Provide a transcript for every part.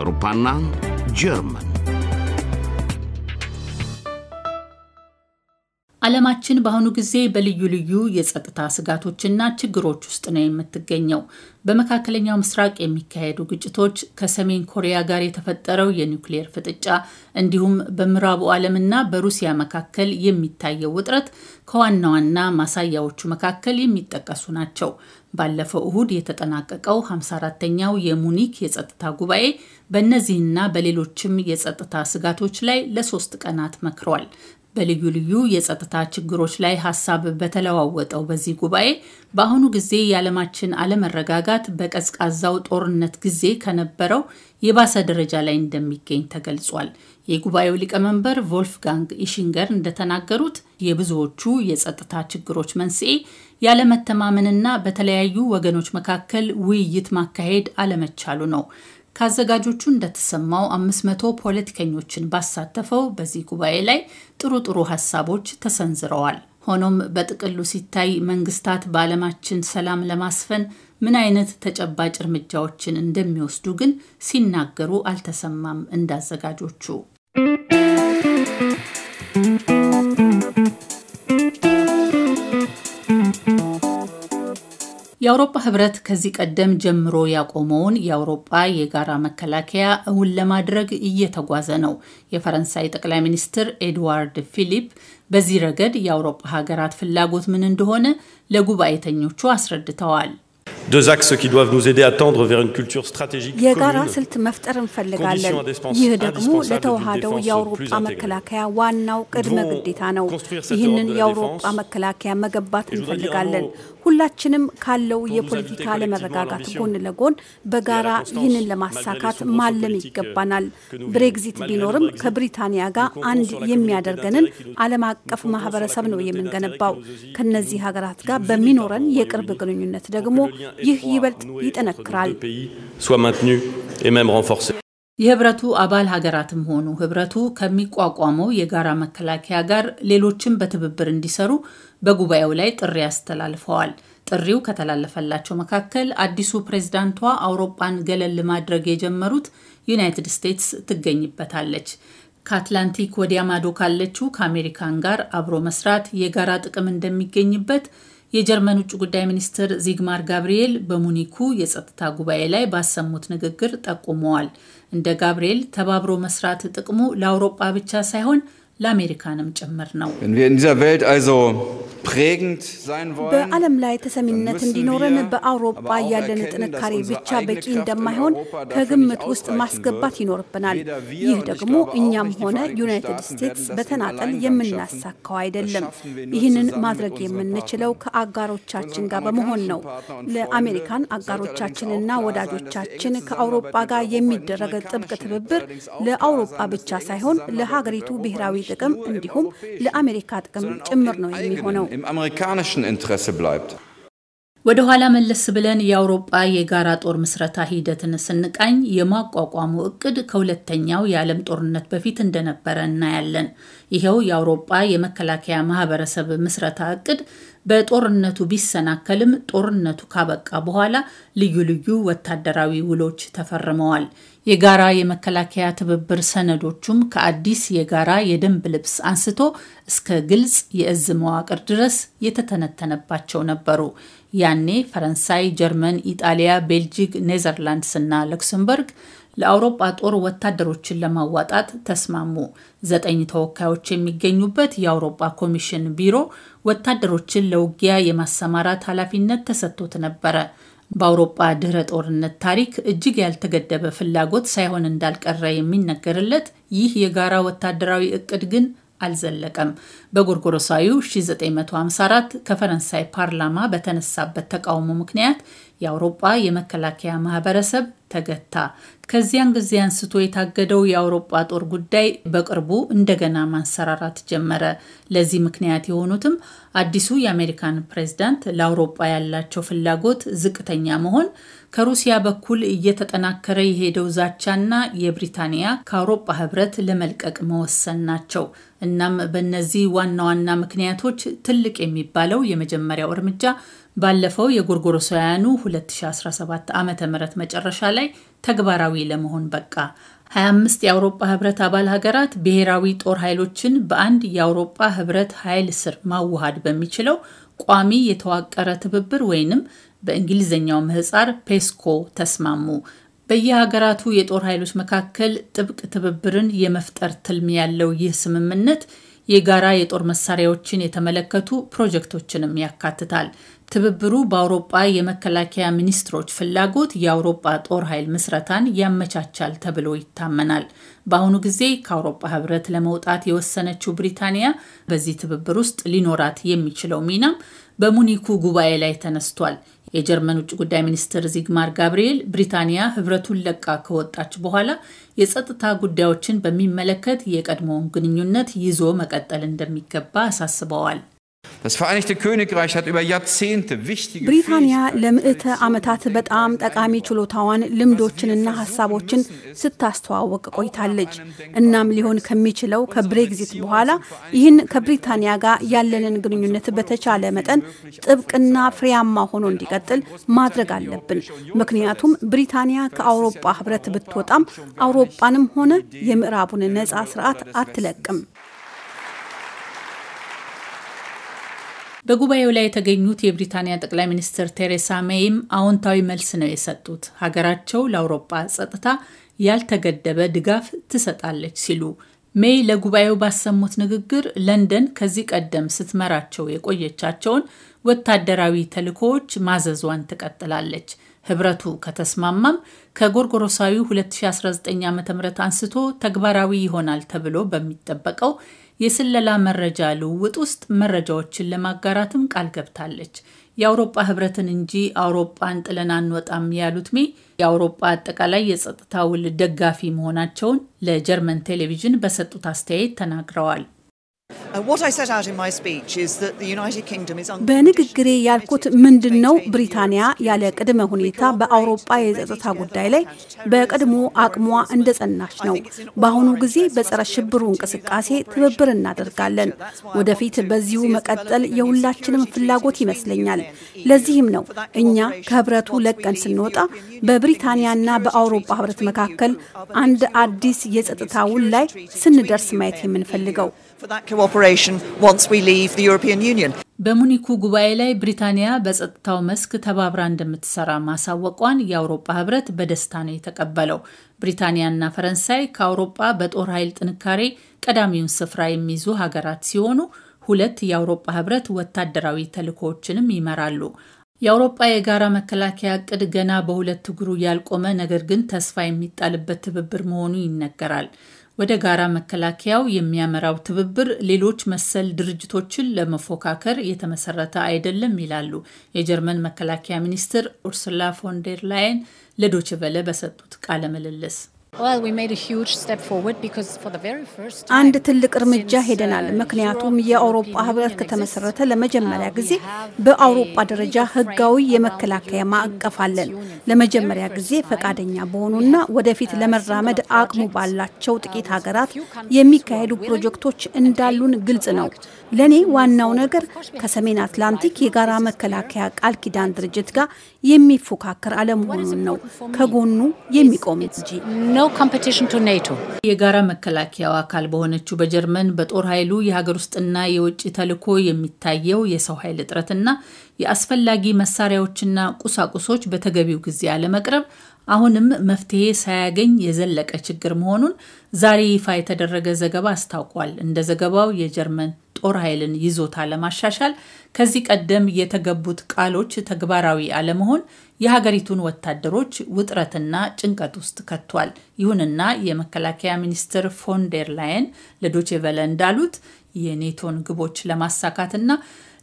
አውሮፓና ጀርመን ዓለማችን በአሁኑ ጊዜ በልዩ ልዩ የጸጥታ ስጋቶችና ችግሮች ውስጥ ነው የምትገኘው። በመካከለኛው ምስራቅ የሚካሄዱ ግጭቶች፣ ከሰሜን ኮሪያ ጋር የተፈጠረው የኒውክሌር ፍጥጫ፣ እንዲሁም በምዕራቡ ዓለምና በሩሲያ መካከል የሚታየው ውጥረት ከዋና ዋና ማሳያዎቹ መካከል የሚጠቀሱ ናቸው። ባለፈው እሁድ የተጠናቀቀው 54ተኛው የሙኒክ የጸጥታ ጉባኤ በእነዚህና በሌሎችም የጸጥታ ስጋቶች ላይ ለሶስት ቀናት መክሯል። በልዩ ልዩ የጸጥታ ችግሮች ላይ ሀሳብ በተለዋወጠው በዚህ ጉባኤ በአሁኑ ጊዜ የዓለማችን አለመረጋጋት በቀዝቃዛው ጦርነት ጊዜ ከነበረው የባሰ ደረጃ ላይ እንደሚገኝ ተገልጿል። የጉባኤው ሊቀመንበር ቮልፍጋንግ ኢሽንገር እንደተናገሩት የብዙዎቹ የጸጥታ ችግሮች መንስኤ ያለመተማመንና በተለያዩ ወገኖች መካከል ውይይት ማካሄድ አለመቻሉ ነው። ከአዘጋጆቹ እንደተሰማው 500 ፖለቲከኞችን ባሳተፈው በዚህ ጉባኤ ላይ ጥሩ ጥሩ ሀሳቦች ተሰንዝረዋል። ሆኖም በጥቅሉ ሲታይ መንግስታት በዓለማችን ሰላም ለማስፈን ምን አይነት ተጨባጭ እርምጃዎችን እንደሚወስዱ ግን ሲናገሩ አልተሰማም እንዳዘጋጆቹ። የአውሮፓ ህብረት ከዚህ ቀደም ጀምሮ ያቆመውን የአውሮፓ የጋራ መከላከያ እውን ለማድረግ እየተጓዘ ነው። የፈረንሳይ ጠቅላይ ሚኒስትር ኤድዋርድ ፊሊፕ በዚህ ረገድ የአውሮፓ ሀገራት ፍላጎት ምን እንደሆነ ለጉባኤተኞቹ አስረድተዋል። የጋራ ስልት መፍጠር እንፈልጋለን። ይህ ደግሞ ለተዋሃደው የአውሮፓ መከላከያ ዋናው ቅድመ ግዴታ ነው። ይህንን የአውሮፓ መከላከያ መገንባት እንፈልጋለን። ሁላችንም ካለው የፖለቲካ አለመረጋጋት ጎን ለጎን በጋራ ይህንን ለማሳካት ማለም ይገባናል። ብሬግዚት ቢኖርም ከብሪታንያ ጋር አንድ የሚያደርገንን ዓለም አቀፍ ማህበረሰብ ነው የምንገነባው። ከነዚህ ሀገራት ጋር በሚኖረን የቅርብ ግንኙነት ደግሞ ይህ ይበልጥ ይጠነክራል። የህብረቱ አባል ሀገራትም ሆኑ ህብረቱ ከሚቋቋመው የጋራ መከላከያ ጋር ሌሎችም በትብብር እንዲሰሩ በጉባኤው ላይ ጥሪ አስተላልፈዋል። ጥሪው ከተላለፈላቸው መካከል አዲሱ ፕሬዝዳንቷ አውሮፓን ገለል ማድረግ የጀመሩት ዩናይትድ ስቴትስ ትገኝበታለች። ከአትላንቲክ ወዲያ ማዶ ካለችው ከአሜሪካን ጋር አብሮ መስራት የጋራ ጥቅም እንደሚገኝበት የጀርመን ውጭ ጉዳይ ሚኒስትር ዚግማር ጋብርኤል በሙኒኩ የጸጥታ ጉባኤ ላይ ባሰሙት ንግግር ጠቁመዋል። እንደ ጋብርኤል ተባብሮ መስራት ጥቅሙ ለአውሮጳ ብቻ ሳይሆን ለአሜሪካንም ጭምር ነው። በዓለም ላይ ተሰሚነት እንዲኖረን በአውሮፓ ያለን ጥንካሬ ብቻ በቂ እንደማይሆን ከግምት ውስጥ ማስገባት ይኖርብናል። ይህ ደግሞ እኛም ሆነ ዩናይትድ ስቴትስ በተናጠል የምናሳካው አይደለም። ይህንን ማድረግ የምንችለው ከአጋሮቻችን ጋር በመሆን ነው። ለአሜሪካን አጋሮቻችንና ወዳጆቻችን ከአውሮፓ ጋር የሚደረግ ጥብቅ ትብብር ለአውሮፓ ብቻ ሳይሆን ለሀገሪቱ ብሔራዊ ጥቅም እንዲሁም ለአሜሪካ ጥቅም ጭምር ነው የሚሆነው። ወደ ኋላ መለስ ብለን የአውሮጳ የጋራ ጦር ምስረታ ሂደትን ስንቃኝ የማቋቋሙ እቅድ ከሁለተኛው የዓለም ጦርነት በፊት እንደነበረ እናያለን። ይኸው የአውሮጳ የመከላከያ ማህበረሰብ ምስረታ እቅድ በጦርነቱ ቢሰናከልም ጦርነቱ ካበቃ በኋላ ልዩ ልዩ ወታደራዊ ውሎች ተፈርመዋል። የጋራ የመከላከያ ትብብር ሰነዶቹም ከአዲስ የጋራ የደንብ ልብስ አንስቶ እስከ ግልጽ የእዝ መዋቅር ድረስ የተተነተነባቸው ነበሩ። ያኔ ፈረንሳይ፣ ጀርመን፣ ኢጣሊያ፣ ቤልጂክ፣ ኔዘርላንድስ እና ሉክሰምበርግ ለአውሮጳ ጦር ወታደሮችን ለማዋጣት ተስማሙ። ዘጠኝ ተወካዮች የሚገኙበት የአውሮጳ ኮሚሽን ቢሮ ወታደሮችን ለውጊያ የማሰማራት ኃላፊነት ተሰጥቶት ነበረ። በአውሮጳ ድህረ ጦርነት ታሪክ እጅግ ያልተገደበ ፍላጎት ሳይሆን እንዳልቀረ የሚነገርለት ይህ የጋራ ወታደራዊ እቅድ ግን አልዘለቀም። በጎርጎሮሳዊው 1954 ከፈረንሳይ ፓርላማ በተነሳበት ተቃውሞ ምክንያት የአውሮጳ የመከላከያ ማህበረሰብ ተገታ። ከዚያን ጊዜ አንስቶ የታገደው የአውሮጳ ጦር ጉዳይ በቅርቡ እንደገና ማንሰራራት ጀመረ። ለዚህ ምክንያት የሆኑትም አዲሱ የአሜሪካን ፕሬዝዳንት ለአውሮጳ ያላቸው ፍላጎት ዝቅተኛ መሆን ከሩሲያ በኩል እየተጠናከረ የሄደው ዛቻና የብሪታንያ ከአውሮፓ ህብረት ለመልቀቅ መወሰን ናቸው። እናም በእነዚህ ዋና ዋና ምክንያቶች ትልቅ የሚባለው የመጀመሪያው እርምጃ ባለፈው የጎርጎሮሳውያኑ 2017 ዓ ም መጨረሻ ላይ ተግባራዊ ለመሆን በቃ 25 የአውሮፓ ህብረት አባል ሀገራት ብሔራዊ ጦር ኃይሎችን በአንድ የአውሮፓ ህብረት ኃይል ስር ማዋሃድ በሚችለው ቋሚ የተዋቀረ ትብብር ወይንም በእንግሊዝኛው ምህጻር ፔስኮ ተስማሙ። በየሀገራቱ የጦር ኃይሎች መካከል ጥብቅ ትብብርን የመፍጠር ትልም ያለው ይህ ስምምነት የጋራ የጦር መሳሪያዎችን የተመለከቱ ፕሮጀክቶችንም ያካትታል። ትብብሩ በአውሮጳ የመከላከያ ሚኒስትሮች ፍላጎት የአውሮጳ ጦር ኃይል ምስረታን ያመቻቻል ተብሎ ይታመናል። በአሁኑ ጊዜ ከአውሮጳ ህብረት ለመውጣት የወሰነችው ብሪታንያ በዚህ ትብብር ውስጥ ሊኖራት የሚችለው ሚናም በሙኒኩ ጉባኤ ላይ ተነስቷል። የጀርመን ውጭ ጉዳይ ሚኒስትር ዚግማር ጋብርኤል ብሪታንያ ህብረቱን ለቃ ከወጣች በኋላ የጸጥታ ጉዳዮችን በሚመለከት የቀድሞውን ግንኙነት ይዞ መቀጠል እንደሚገባ አሳስበዋል። ብሪታንያ ለምዕተ ዓመታት በጣም ጠቃሚ ችሎታዋን ልምዶችንና ሀሳቦችን ስታስተዋወቅ ቆይታለች። እናም ሊሆን ከሚችለው ከብሬግዚት በኋላ ይህን ከብሪታንያ ጋር ያለንን ግንኙነት በተቻለ መጠን ጥብቅና ፍሬያማ ሆኖ እንዲቀጥል ማድረግ አለብን። ምክንያቱም ብሪታንያ ከአውሮፓ ህብረት ብትወጣም አውሮፓንም ሆነ የምዕራቡን ነፃ ስርዓት አትለቅም። በጉባኤው ላይ የተገኙት የብሪታንያ ጠቅላይ ሚኒስትር ቴሬሳ ሜይም አዎንታዊ መልስ ነው የሰጡት። ሀገራቸው ለአውሮፓ ጸጥታ ያልተገደበ ድጋፍ ትሰጣለች ሲሉ ሜይ ለጉባኤው ባሰሙት ንግግር ለንደን ከዚህ ቀደም ስትመራቸው የቆየቻቸውን ወታደራዊ ተልእኮዎች ማዘዟን ትቀጥላለች። ህብረቱ ከተስማማም ከጎርጎሮሳዊ 2019 ዓ ም አንስቶ ተግባራዊ ይሆናል ተብሎ በሚጠበቀው የስለላ መረጃ ልውውጥ ውስጥ መረጃዎችን ለማጋራትም ቃል ገብታለች። የአውሮጳ ህብረትን እንጂ አውሮጳን ጥለን አንወጣም ያሉት ሜ የአውሮጳ አጠቃላይ የጸጥታ ውል ደጋፊ መሆናቸውን ለጀርመን ቴሌቪዥን በሰጡት አስተያየት ተናግረዋል። Uh, በንግግሬ ያልኩት ምንድን ነው፣ ብሪታንያ ያለ ቅድመ ሁኔታ በአውሮፓ የጸጥታ ጉዳይ ላይ በቀድሞ አቅሟ ጸናች ነው። በአሁኑ ጊዜ በጸረ ሽብሩ እንቅስቃሴ ትብብር እናደርጋለን። ወደፊት በዚሁ መቀጠል የሁላችንም ፍላጎት ይመስለኛል። ለዚህም ነው እኛ ከህብረቱ ለቀን ስንወጣ በብሪታንያና በአውሮፓ ህብረት መካከል አንድ አዲስ የጸጥታ ውል ላይ ስንደርስ ማየት የምንፈልገው። በሙኒኩ ጉባኤ ላይ ብሪታንያ በጸጥታው መስክ ተባብራ እንደምትሰራ ማሳወቋን የአውሮፓ ህብረት በደስታ ነው የተቀበለው። ብሪታንያና ፈረንሳይ ከአውሮፓ በጦር ኃይል ጥንካሬ ቀዳሚውን ስፍራ የሚይዙ ሀገራት ሲሆኑ ሁለት የአውሮፓ ህብረት ወታደራዊ ተልእኮዎችንም ይመራሉ። የአውሮፓ የጋራ መከላከያ እቅድ ገና በሁለት እግሩ ያልቆመ ነገር ግን ተስፋ የሚጣልበት ትብብር መሆኑ ይነገራል። ወደ ጋራ መከላከያው የሚያመራው ትብብር ሌሎች መሰል ድርጅቶችን ለመፎካከር የተመሰረተ አይደለም ይላሉ የጀርመን መከላከያ ሚኒስትር ኡርሱላ ፎንደር ላይን ለዶችቨለ በሰጡት ቃለ ምልልስ። አንድ ትልቅ እርምጃ ሄደናል። uh, ምክንያቱም የአውሮፓ ህብረት ከተመሰረተ ለመጀመሪያ ጊዜ በአውሮፓ ደረጃ ህጋዊ የመከላከያ ማዕቀፍ አለን። ለመጀመሪያ ጊዜ ፈቃደኛ በሆኑና uh, ወደፊት ለመራመድ አቅሙ ባላቸው uh, ጥቂት ሀገራት የሚካሄዱ ፕሮጀክቶች እንዳሉን ግልጽ ነው። ለእኔ ዋናው ነገር ከሰሜን አትላንቲክ የጋራ መከላከያ ቃል ኪዳን ድርጅት ጋር የሚፎካከር አለመሆኑን ነው። ከጎኑ የሚቆም እንጂ no competition to NATO የጋራ መከላከያው አካል በሆነችው በጀርመን በጦር ኃይሉ የሀገር ውስጥና የውጭ ተልዕኮ የሚታየው የሰው ኃይል እጥረትና የአስፈላጊ መሳሪያዎችና ቁሳቁሶች በተገቢው ጊዜ አለመቅረብ አሁንም መፍትሄ ሳያገኝ የዘለቀ ችግር መሆኑን ዛሬ ይፋ የተደረገ ዘገባ አስታውቋል። እንደ ዘገባው የጀርመን ጦር ኃይልን ይዞታ ለማሻሻል ከዚህ ቀደም የተገቡት ቃሎች ተግባራዊ አለመሆን የሀገሪቱን ወታደሮች ውጥረትና ጭንቀት ውስጥ ከቷል። ይሁንና የመከላከያ ሚኒስትር ፎን ላይን ላየን ለዶቼ ቨለ እንዳሉት የኔቶን ግቦች ለማሳካትና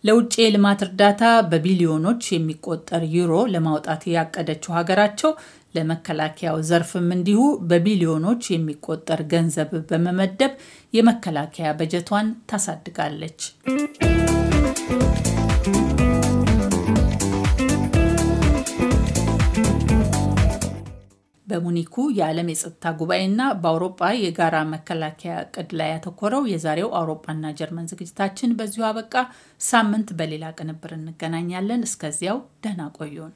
ለውጭ የልማት እርዳታ በቢሊዮኖች የሚቆጠር ዩሮ ለማውጣት ያቀደችው ሀገራቸው ለመከላከያው ዘርፍም እንዲሁ በቢሊዮኖች የሚቆጠር ገንዘብ በመመደብ የመከላከያ በጀቷን ታሳድጋለች። በሙኒኩ የዓለም የጸጥታ ጉባኤና በአውሮጳ የጋራ መከላከያ እቅድ ላይ ያተኮረው የዛሬው አውሮጳና ጀርመን ዝግጅታችን በዚሁ አበቃ። ሳምንት በሌላ ቅንብር እንገናኛለን። እስከዚያው ደህና ቆዩን።